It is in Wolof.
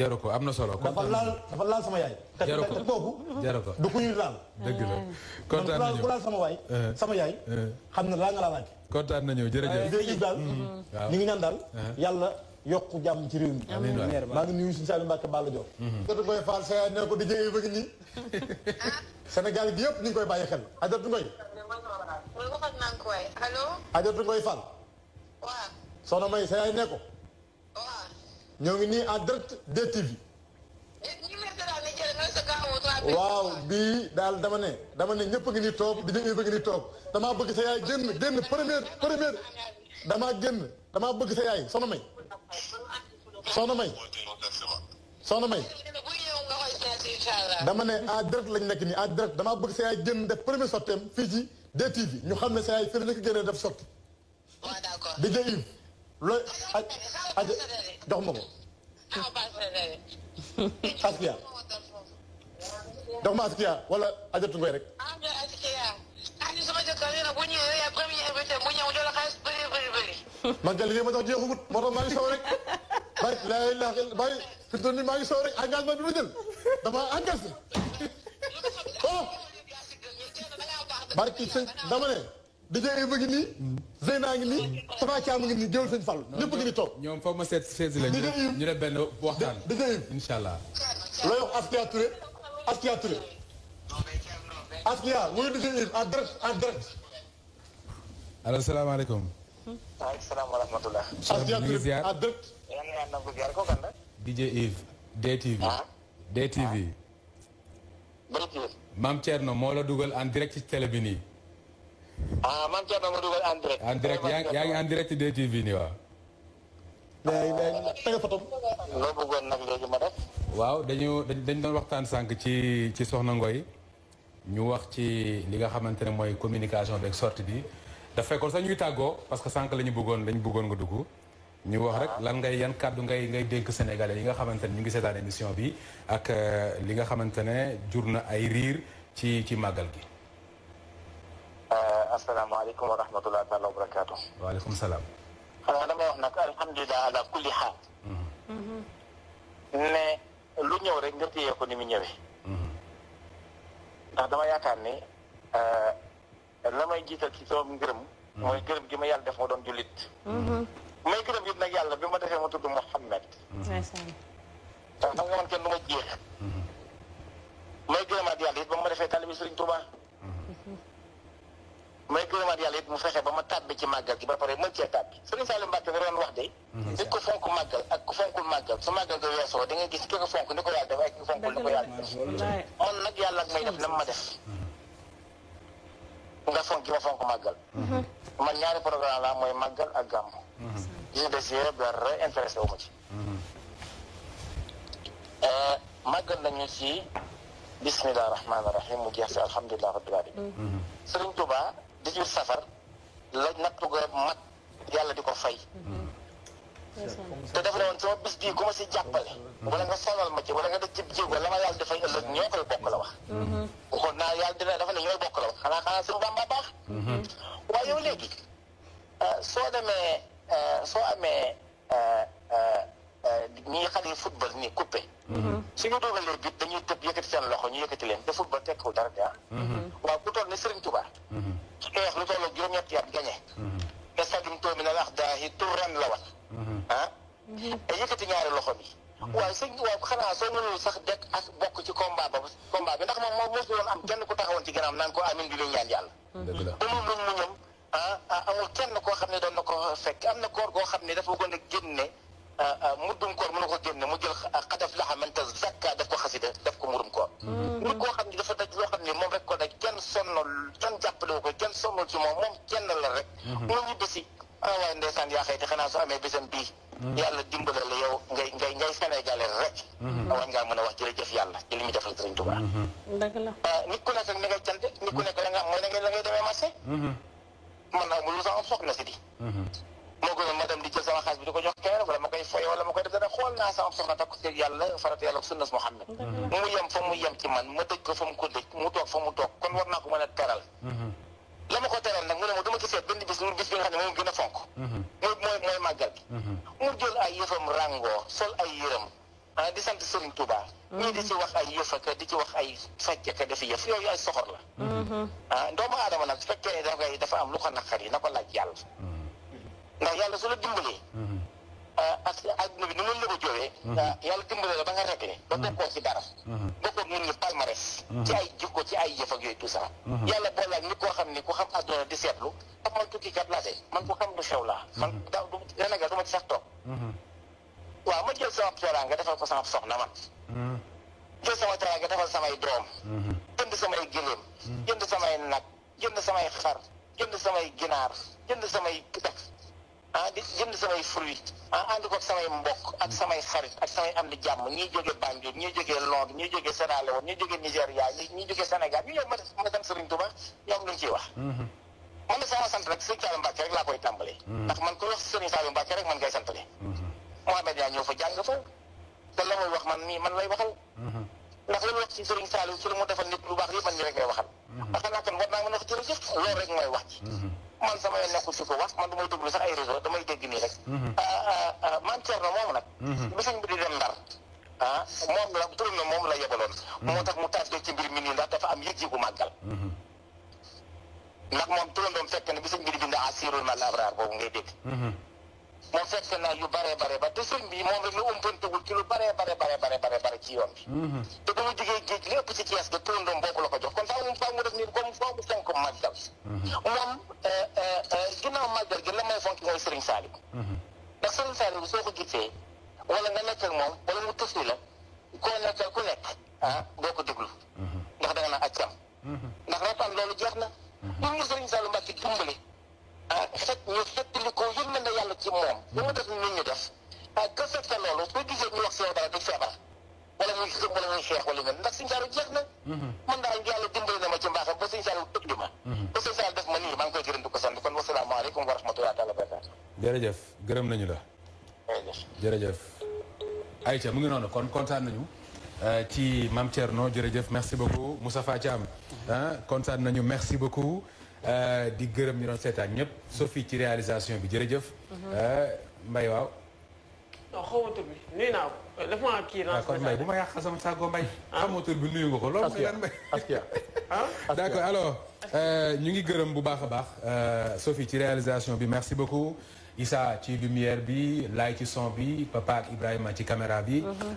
jaru ko am na solo. dafa laal dafa laal sama yaay. jaru ko jaru ko du ku ñuy laal. la eh. kontaan nañu ku laal waay. Eh. sama yaay. Eh. xam na laa nga laa laaj. kontaan nañu jërëjëf. jërëjëf daal. Mm-hmm. Mm-hmm. waaw ñu ngi ñaan daal. yàlla yokk jàmm ci réew mi. amiin waay maa ngi nuyu suñu Saliou Mbacke Balla Diop. Adama mm-hmm. Boye Fall ko di jëyee bëgg ñi. Sénégal bi yëpp ñu ngi koy bàyyi xel Adama May sa yaay ne ñoo ngi nii en direct DTV. waaw bii daal dama ne dama ne ñëpp a ngi nii toog di ñëpp a nii toog damaa bëgg sa yaay génn génn première première dama génn damaa bëgg sa yaay soxna May. soxna May. soxna May. dama ne en direct lañ nekk nii en direct damaa bëgg sa yaay génn def première sorteem fii ci DTV ñu xam ne sa yaay fii la génnee def sorti. di Yves. loolu. jox ma ko. askiya dox ma askiya wala ajatu ngoy rek ani sama jëkkër yi nag bu ñëwee yaay premier invité bu ñëw jox la xaalis bëri bëri bëri man de liggéey ma tax jeexugut moo tax maa ngi sow rek bari lay la bari fi mu toll nii maa ngi sow rek engagement bi ma jël dama engagé oh barki sëñ dama ne dajee a ngi nii. Zeyna ngi nii. Tafa Thiam ngi nii jël sëñ Fall. ñëpp ngi nii toog ñoom foofu ma seet seet la ñu. ñu def waxtaan. dajee yëpp incha allah. looy wax Askia Touré Askia Touré. Askia wuyu dajee yëpp la. DJ Yves. DTV. DTV. Maam moo la dugal en direct ci télé bi nii. ah man Thierno ma en direct. en direct yaa ngi en direct DTV nii waaw. léegi léegi loo bëggoon nag léegi ma def. waaw dañu dañ doon waxtaan sànq ci ci Soxna Ngoy ñu wax ci li nga xamante ne mooy communication beeg sortie bi daf fekkoon sax ñuy tàggoo parce que sànq la ñu bëggoon la bëggoon nga dugg. ñu wax rek lan ngay yan kàddu ngay ngay dénk sénégalais yi nga xamante ne ñu ngi seetaan émission bi ak euh, li nga xamante ne jur na ay riir ci ci màggal gi. asalaamaaleykum wa rahmatulah taala wa barakaatu. waaleykum salaam. xanaa damay wax nag alhamdulilah ala kulli xaal. Mhm. ne lu ñëw rek nga téye ko ni mu ñëwee. Mhm. ndax dama yaakaar ni euh, la may jiital ci sama ngërëm. Mhm. mooy gërëm gi ma yàlla def ma doon jullit. may gërëm it nag yàlla bi ma defee ma tudd Mouhamed. ndax xam nga man kenn du ma jeex. may gërëmaat yàlla it ba ma defee taalibi Sëriñ Tuubaa. may gërëmaat yàlla it mu fexe ba ma tàbbi ci màggal gi ba pare mën cee tàbbi Serigne Saliou Mbacke da doon wax de nit ko fonk màggal ak ku fonkul màggal su màggal ga weesoo da ngay gis ki ko yàlla def ak ki fonkul ni ko mm-hmm. màggal mm-hmm. man ñaari programme laa mooy màggal ak gàmmu yi mm-hmm. des yëpp wu ma ci euh, màggal nañu ci bismillah rahmaani rahim mu jeex si alhamdulilah rabbil alamin Serigne Touba di jur safar la nattu ga mat yàlla di ko fay te def na woon sama bis bii ku ma si jàppale wala nga solal ma ci wala nga def ci jéego la ma yàlla dafay ëllëg ñoo koy la wax kon naa yàlla dina dafa ne ñooy bokk la wax xanaa xanaa suñu bàmba baax waaye yow léegi euh, soo demee euh, soo amee euh, ñi xale yi football nii coupé suñu dugalee bit dañuy tëb yëkkati seen loxo ñu yëkkati leen te football tekkiwul dara de ah. mm-hmm. waaw ku toll ne Serigne Touba mm-hmm. xeex lu toll ak juróom-ñetti at gañe mhm. te sagum too a na lax daa yi tur ren la wat mhm. ah mhm. te yëkkati ñaari loxo bi waaye sëñ bi waaw xanaa soo mënul sax dekk ak bokk ci combat ba combat bi ndax moom moom mosul woon am kenn ku taxawoon ci gànnaaw naan ko amin bi lañ ñaan yàlla dëgg la te moom luñ mu ñëm ah, ah amul kenn koo xam ne doon na ko fekk am na koor goo xam ne dafa bëggoon a génne Euh, euh, muddum koor mënu ko génne mu jël euh, xadaf laxa manta zakka daf ko xasida daf ko murum koor mm. Mm. nit koo xam ne dafa daj loo xam ne moom rek ko daj kenn sonnal kenn jàppale ko kenn sonnal ci moom moom kenn la rek mm-hmm. mu ñibbisi ah waaye ndeysaan yaa xëyti xanaa su amee bésam bii mm-hmm. yàlla dimbale la yow ngay ngay ngay sénégalais rek mm-hmm. ngaa mën a wax jërëjëf yàlla ci li nekk la nga mooy na ngay demee marché man naa mu lu sax am soxna si di moo gën a ma di jël sama xaalis bi di ko jox koy fay ma koy def dana xool naa sama soxna takku ci yàlla farata yàlla sunna Muhammad mu yem fa mu yem ci man ma dëj ko fa mu ko dëj mu toog fa mu toog kon war naa ko mën a teral mhm. la ma ko teral nag mu ne ma dama ci seet benn bis lu bis bi nga xam ne moom gën a fonk mhm. mooy mooy mhm. jël ay yëfam ràngoo sol ay yëram ah di sant Serigne Touba ñii di ci wax ay yëf ak di ci wax ay fecc ka dafi yëf yooyu ay soxor la ah doomu aadama nag su fekkee dafa am lu ko naqar yi na ko laaj yàlla ndax yàlla su la dimbalee Euh, parce que adduna bi ni mën la ko jógee mhm. yàlla dimbale la ba nga réglé ba mhm. bokkoo ci dara mhm. bokkoo ñun ñu palmarès ci ay jikko ci ay jëf ak yooyu tout ça yàlla boole ak nit koo xam ni ku xam adduna di seetlu da man tukki kat laa man ku xam lu xew laa man daaw du Sénégal du ma ci sax toog waaw ma jël sama teraanga defal ko sama soxna man jël sama teraanga defal samay doom jënd samay gëléem jënd samay nag jënd samay xar jënd samay ginaar jënd samay def ah di jënd samay fruits ah ànd ko ak samay mbokk ak samay xarit ak samay am di jàmm ñuy jógee Banjul ñuy jógee Londres ñuy jógee Sierra Leone ñuy jógee Nigéria ñuy jógee Sénégal ñu ñëw ma def ma dem Serigne Touba ñoom lu wax. Mm-hmm. man de sama sant rek Serigne Saliou Mbacké rek laa koy tàmbalee. Mm-hmm. ndax man ku wax Serigne Saliou Mbacké rek man ngay santale. Mm-hmm. Mohamed yaa ñëw fa jàng fa te la muy wax man nii man lay waxal. ndax li mu wax ci Serigne Saliou ci lu mu defal nit lu baax yëpp man ñu rek lay waxal. a wax jërëjëf loolu rek man sama yoon ne ci ko wax man du may déglu sax ay réseau damay dégg nii rek. Mhm. Ah, ah, ah, man Thierno moom nag. Mhm. bi sëñ bi dem ndar. moom la turam na moom la yebaloon. Mhm. moo tax mu tàggee ci mbir mi nii ndax dafa am yëg-yëgu màggal. ndax moom turam doom fekk na bi sëñ bi di a asirul mal abrar boobu ngay dégg. moom fekke naa yu bare bare ba te sëñ bi moom rek la umpantewul ci lu bare bare bare bare bare bare ci yoon bi mhm. te ba mu jógee géej lépp ci Cees ga turandoom boobu la ko jox kon faaw mu faaw mu def nii comme faaw mu fonk màggal mhm. moom euh, euh, euh, ginnaaw màggal gi la may fonk mooy Sëriñ Saliou mhm. ndax Sëriñ Saliou soo ko gisee wala nga nekk moom wala mu tëfli la koo nekk ah ko déglu ndax da nga naan accam ndax reetaan loolu jeex na ñun ñu Sëriñ Saliou Mbacke dimbali ah xet ñu xet ci moom. ba mu def ni nit ñi def waaye que fekk na loolu boo gisee ñu wax si yow dara du feebar muy gëm wala muy xeex wala ñu ndax suñu saalu jeex na. Mhm. man daal yàlla dimbali na ma ci mbaaxam ba suñu saalu ëpp ma. Mhm. ba suñu saalu def ma nii maa ngi koy gërëm di ko sant kon wasalaamaaleykum wa rahmatulah taala barakaatu. jërëjëf gërëm nañu la. jërëjëf jërëjëf. Aïcha mu ngi noonu kon kontaan nañu. Euh, ci Mame Thierno jërëjëf merci beaucoup Moustapha Thiam. Mhm. kontaan nañu merci beaucoup. Euh, di gërëm ñu doon seetaan ñëpp Sophie ci réalisation bi jërëjëf. Mhm. Euh, Mbaye waaw. non xaw ma tur bi nuyu naa ko euh, ah, ah. bi nuyu nga ko loolu mooy lan Mbaye. askia ah d' ñu ngi gërëm bu baax a baax Sophie ci réalisation bi merci beaucoup Issa ci lumière bi Laye ci son bi Papa ak Ibrahima ci caméra bi. Mhm.